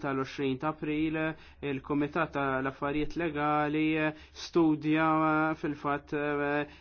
tal-20 ta' april il-Komitat tal-Affarijiet Legali studja fil fat eh,